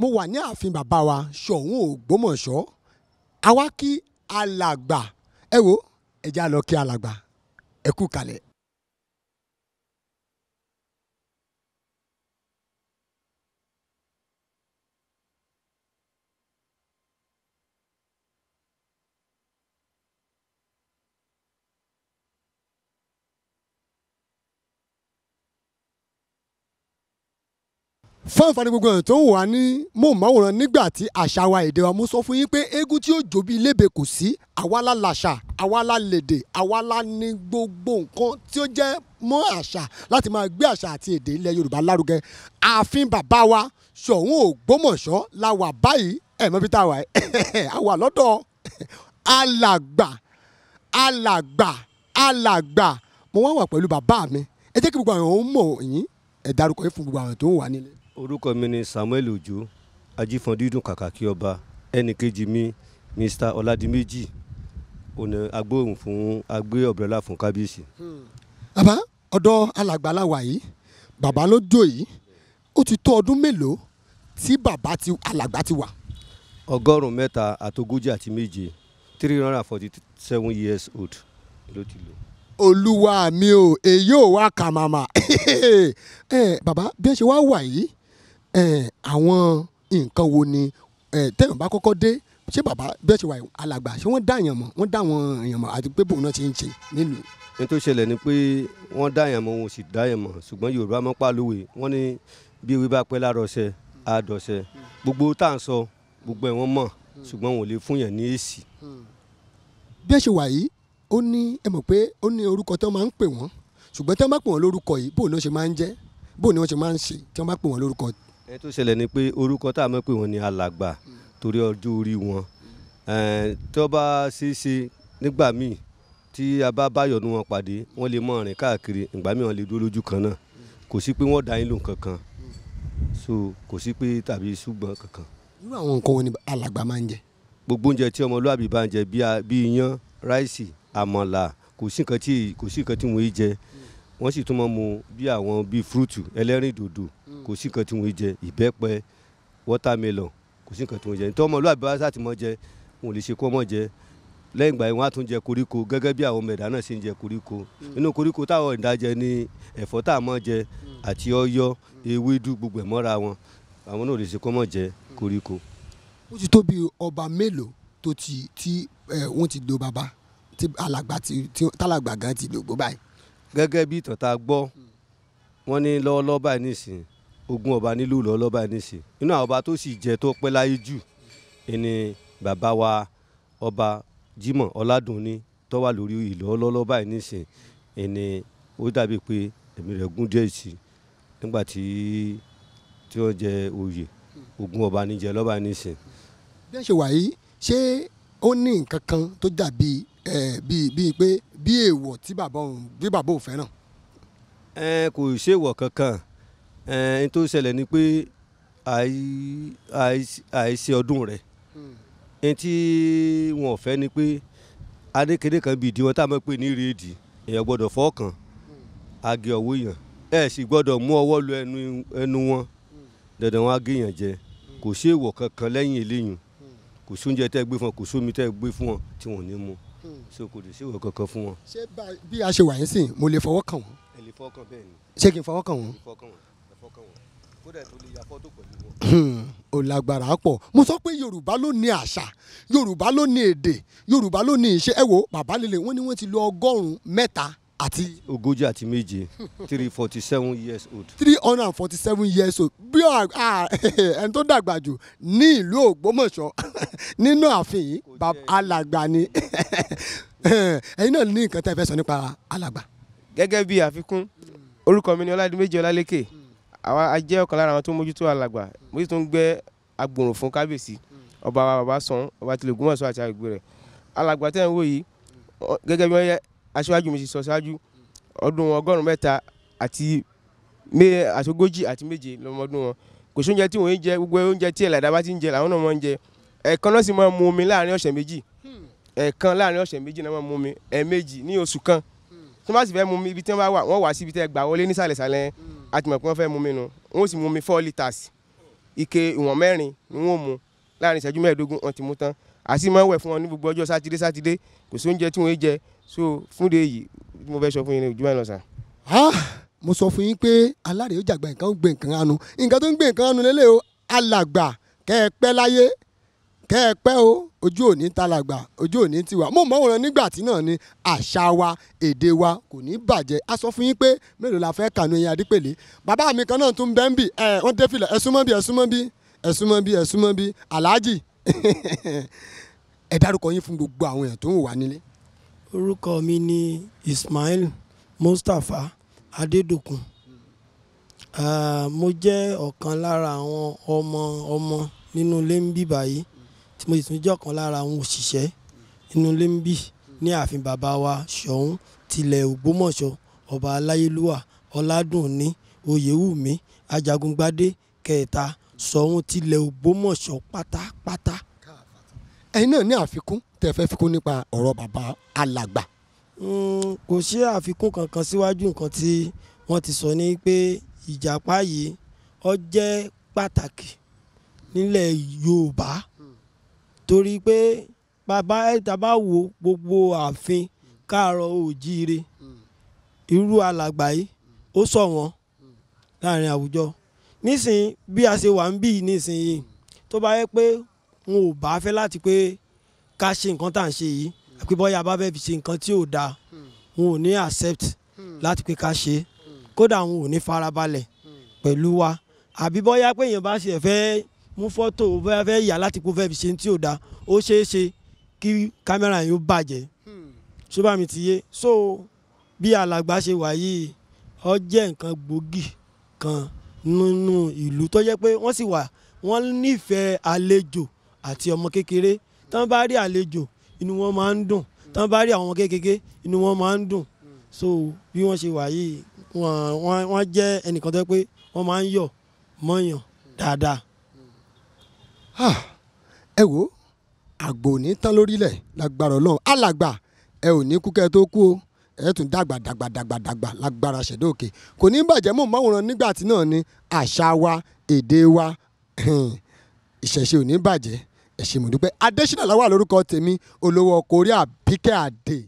mo wà ní ààfin bàbá wa ṣọ̀ún ògbómọ̀ṣọ́ àwa kí alàgbà ẹ wo ẹ já lọ kí alàgbà ẹ kú kalẹ̀. fáǹfààní gbogbo ẹ̀ tó ń wà ní mọ̀ọ́mọ́wòrán nígbà tí àṣà wa èdè wa mo sọ fún yín pé eégún tí ó jó bí kò sí àwa la làṣà àwa la lèdè àwa la ní gbogbo nǹkan tí ó jẹ́ mọ́ àṣà láti máa gbé àṣà àti èdè ilẹ̀ Yorùbá lárugẹ ààfin bàbá wa Ṣọ̀ún Ògbómọ̀ṣọ́ la wà báyìí ẹ̀ mọ́ bí tá a wà ẹ̀ àwa lọ́dọ̀ alàgbà alàgbà alàgbà mo wá wà pẹ̀lú bàbá mi ẹ jẹ́ kí gbogbo àwọn ò mọ̀ yín ẹ dárúkọ yín fún gbogbo àwọn tó ń wà nílé orúkọ mi ni samuel ojo ajífọn dídùn kàkàkí ọba ẹnì kejì mi mr ọládìméjì ọ̀nà agbóhùn fún agbé ọ̀bẹ̀rẹ̀là fún kábíyèsí. Hmm. bàbá ọ̀dọ̀ alàgbà la wà yìí bàbá ló jó yìí ó ti tó ọdún mélòó tí bàbá ti alàgbà ti wà. ọgọ́rùn-ún mẹ́ta àtogójì àti méje three hundred and forty seven years old ló ti lò. olúwa mi ò èyí ò wá kà màmá eh, bàbá bí ẹ ṣe wá wà yìí Eh, àwọn nǹkan wo ni eh, tẹ́yàn bá kọ́kọ́ dé ṣé bàbá bẹ́ẹ̀ ṣe wà alàgbà ṣé wọ́n dá èèyàn mọ̀ wọ́n dá àwọn èèyàn mọ̀ àti pé bòun náà ṣe ń ṣe nílùú. ní tó ṣẹlẹ̀ ni pé wọ́n dá èèyàn mọ̀ wọn ò sì dá èèyàn mọ̀ ṣùgbọ́n Yorùbá máa ń pàlówè wọ́n ní bí ewé bá pẹ́ lárọ̀ṣẹ́ àdọ̀ṣẹ́ gbogbo tá à ń sọ gbogbo ẹ̀ wọ́n mọ̀ ṣùgbọ́n wọn ò lè fún yàn ní èsì. bí ẹ ṣe wà yìí ó ní ẹ mọ̀ pé ó ní orúkọ tí wọ́n máa ń pè wọ́n ṣùgbọ́n tí wọ́n bá pè wọ́n lórúkọ yìí bóun náà ṣe máa ń jẹ́ bóun ni ṣe máa ń ṣe tí wọ́n bá pè wọ́n lórúkọ ẹ tó ṣẹlẹ̀ ni pé orúkọ tá a mọ̀ pé wọ́n ní alàgbà torí ọjọ́ orí wọn tó bá ṣeé ṣe nígbà míì tí a bá báyọ̀ ní wọn pàdé wọ́n lè mọ rìn káàkiri ìgbà míì wọ́n lè dúró lójú kan náà kò sí pé wọ́n dá yín lò kankan so kò sí pé tàbí ṣùgbọ́n kankan. irú àwọn nǹkan wo ni alàgbà máa ń jẹ. gbogbo oúnjẹ tí ọmọlúàbí bá ń jẹ bíi iyán ráìsì àmàlà kò sí nǹkan tí kò sí jẹ wọ́n sì tún máa mu bí àwọn bíi fúrúùtù ẹlẹ́rìndòdò hmm. kò sí nǹkan tí wọ́n jẹ ìbẹ́pẹ wọ́tàmẹ́lọ̀n kò sí nǹkan tí wọ́n jẹ nítorí ọmọlúwàbí wa sá ti mọ jẹ wọn ò lè ṣe kó mọ jẹ lẹ́yìn ìgbà yẹn wọ́n á tún jẹ koríko gẹ́gẹ́ bí àwọn mẹ̀dá náà ṣe ń jẹ koríko hmm. inú koríko táwọn ìdá jẹ ẹ̀fọ́ tá a mọ̀ jẹ hmm. àti ọ̀yọ̀ ewédú gbogbo ẹ̀ mọ́ra wọn àwọn náà ò lè ṣe kó mọ̀ jẹ koríko. ó ti tó bí ọba mélòó tó ti tí wọ́n ti do bàbá tí alàgbà tí tálàgbà gan ti dògbò báyìí gẹ́gẹ́ bí ìtọ̀ta gbọ́ wọ́n ní lọ́wọ́lọ́wọ́ báyìí nìsín ogun ọba nílùú lọ́wọ́lọ́wọ́ báyìí nìsín inú àwọn ọba tó sì jẹ tó pẹ́ láyé jù ni bàbá wa ọba Jimoh Ọládùnní tó wà lórí ìlọ́wọ́lọ́wọ́ báyìí nìsín ni ó dàbí pé ẹ̀mí rẹ̀ gún díẹ̀ sí nígbà tí wọ́n jẹ oyè ogun ọba níjẹ lọ́ba nìsín. bí ẹ ṣe wà yìí ṣé ó ní nǹkan kan tó dàbí bíi pé àbí èèwọ̀ tí bàbá òun bí bàbá òun fẹ́ràn. ẹ kò ṣèwọ̀ kankan ẹ n tó ṣẹlẹ̀ ni pé àìṣe ọdún rẹ̀ ẹni hmm. tí wọn ò ni pé adékèdè kan bìí di tá a máa pè ní ìrèdì èèyàn gbọ́dọ̀ fọ́ọ̀kan hmm. agé ọwọ́ èèyàn ẹ sì gbọ́dọ̀ mú ọwọ́ lu ẹnu wọn hmm. dandan wọn agé èèyàn jẹ kò sí kankan lẹ́yìn eléyìí kò sí oúnjẹ gbé fún wọn kò sí omi gbé fún wọn tí wọn ò ní mu so kò dé síwò kankan fún wọn. ṣé bí a ṣe wà yín sìn mo lè fọwọ́ kàn wọ́n. ẹ lè fọwọ́ kàn bẹ́ẹ̀ ni. ṣé kí n fọwọ́ kàn wọ́n. ẹ fọwọ́ kàn wọ́n kódà tó lè ya fọ́tò pẹ̀lú wọn. ò hmm, lágbára pọ̀ mo sọ pé yorùbá ló ní àṣà yorùbá ló ní èdè yorùbá ló ní iṣẹ́ ẹ wo bàbá lele wọ́n ní wọ́n ti lo ọgọ́rùn-ún mẹ́ta àti. ogójì àti méje three forty seven years old. three hundred and forty seven years old bí ẹni tó dàgbà jù ní ìlú ògbómọ̀ṣọ́ nínú ààfin alàgbà ni ẹ̀yin náà ní nǹkan tẹ́ fẹ́ sọ nípa alàgbà. gẹ́gẹ́ bí àfikún orúkọ mi ni ọládìméjì ọlálékè àwa a jẹ́ ọ̀kan lára àwọn tó ń mójútó alàgbà mo sì tún gbẹ́ agbòrò fún kábíyèsí ọba wa bàbá sàn ọba tilẹ̀ ògbómọ̀ṣọ́ àti àgbègbè rẹ̀ alàgbà tẹ́ ń wò yìí gẹ́gẹ́ bí aṣáájú mi ti sọ ṣáájú ọdún ọgọ́rùn mẹ́ta àti ogójì àti méje lọ́mọdún wọn kò sí oúnjẹ tí wọ́n ń jẹ gbogbo oúnjẹ tí ẹ̀làdá bá ti ń jẹ làwọn náà máa ń jẹ ẹ̀ẹ̀kan náà sì máa mu omi láàrin ọ̀sẹ̀ méjì ẹ̀ẹ̀kan láàrin ọ̀sẹ̀ méjì náà máa mú mi ẹ̀ẹ̀mejì ní oṣù kan tí wọ́n bá sì fẹ́ mú mi ibi tí wọ́n bá wà wọ́n wá síbi tẹ́ gbà wọlé nísàlẹ̀sàlẹ̀ àti mọ̀ pé fẹ́ mú mi nu wọ́n sì mú mi four litres ike ìwọ̀n mẹ́rin ni wọ́n mú láàrin ìṣẹ́jú mẹ́ẹ̀ẹ́dógún wọ́n ti mú tán àti máa wẹ̀ fún wọn ní gbogbo ọjọ́ sátidé sátidé kò sí tí wọ́n jẹ so fún de èyí mo fẹ́ sọ fún yín ojú mo sọ fún yín pé alárèé ó jàgbá nǹkan ó gbé nǹkan ránu nǹkan tó ń gbé nǹkan ránu lélẹ̀ o alàgbà kẹ́ ẹ pẹ́ láyé kẹ́ ẹ pẹ́ o ojú òní talàgbà ojú òní tiwa mo mọ̀ wọ́n nígbà tí náà ni àṣà wa èdè wa kò ní bàjẹ́ a sọ fún yín pé mélòó la fẹ́ kànú ẹ̀yin adípèlé bàbá mi kan náà tún bẹ́ẹ̀ ń bì ẹ̀ wọ́n dé filẹ̀ ẹ̀sùn mọ́ bí ẹ̀sùn mọ́ bí ẹ̀sùn mọ́ bí ẹ̀sùn mọ́ bí aláàjì ẹ dárúkọ yín fún gbogbo àwọn èèyàn tó ń wà nílé. orúkọ mi ni Ismail Mustapha Adédòkun mo jẹ́ ọ̀kan lára àwọn ọmọ ọmọ nínú ilé ń bíbá yìí mo sì tún jẹ́ ọ̀kan lára àwọn òṣìṣẹ́ inú ilé ń bì ní ààfin bàbá wa ṣọ̀ún tilẹ̀ ògbómọ̀ṣọ́ ọba aláyélúwà ọládùnní oyèwùmí ajagungbadé kẹta ṣọ̀ún tilẹ̀ ògbómọ̀ṣọ́ pátápátá. ẹ̀yin náà ní àfikún tẹ́ fẹ́ fikún nípa ọ̀rọ̀ bàbá alàgbà. Hmm, kò sí àfikún kankan síwájú nǹkan tí wọ́n ti sọ ní pé ìjàpá yìí ó jẹ́ pàtàkì nílẹ̀ yorùbá torí pé bàbá ẹ̀ta bá wo gbogbo ààfin káàárọ̀ oòjíire irú alàgbà yìí ó sọ wọn láàrin àwùjọ nísìnyí bí a ṣe wà ń bí nísìnyí tó bá yẹ pé wọn ò bá fẹ́ láti pé ká ṣe nǹkan tá à ń ṣe yìí àpé bóyá bá fẹ́ ṣe nǹkan tí ò dáa wọn ò ní accept láti pé ká ṣe kódà wọn ò ní farabalẹ̀ pẹ̀lú wa àbí bóyá pé èèyàn bá ṣe fẹ́ mú fọ́tò bóyá fẹ́ yà láti kó fẹ́ẹ́ fi ṣe tí ò da ó ṣeé ṣe kí kámẹ́rà yóò bàjẹ́ ṣó bá mi ti yé so bí alàgbà ṣe wà yìí ó jẹ́ nǹkan gbòógì kan nínú ìlú tó jẹ́ pé wọ́n sì wà wọ́n nífẹ̀ẹ́ àlejò àti ọmọ kékeré tán bá rí àlejò inú wọn máa ń dùn tán bá rí àwọn kékeré inú wọn máa ń dùn so bí wọ́n ṣe wà yìí wọ́n jẹ́ ẹnìkan tó jẹ́ pé wọ́n máa ń yọ̀ mọ́yàn dáadáa. Ah, ẹ wo àgbò ní tán lórílẹ̀ lágbára ọlọ́run alàgbà ẹ ò ní kú kẹ́ tó kú o ẹ tún dàgbà dàgbà dàgbà dàgbà lágbára ṣẹ̀dọ̀ òkè kò ní bàjẹ́ mọ̀ máwòrán nígbà tí náà ni àṣà wa èdè wa ìṣẹ̀ṣe ò ní bàjẹ́ ẹ ṣé dúpẹ́ adésínà láwà lórúkọ tèmi olówó ọkọ̀ orí àbíkẹ́ àdè.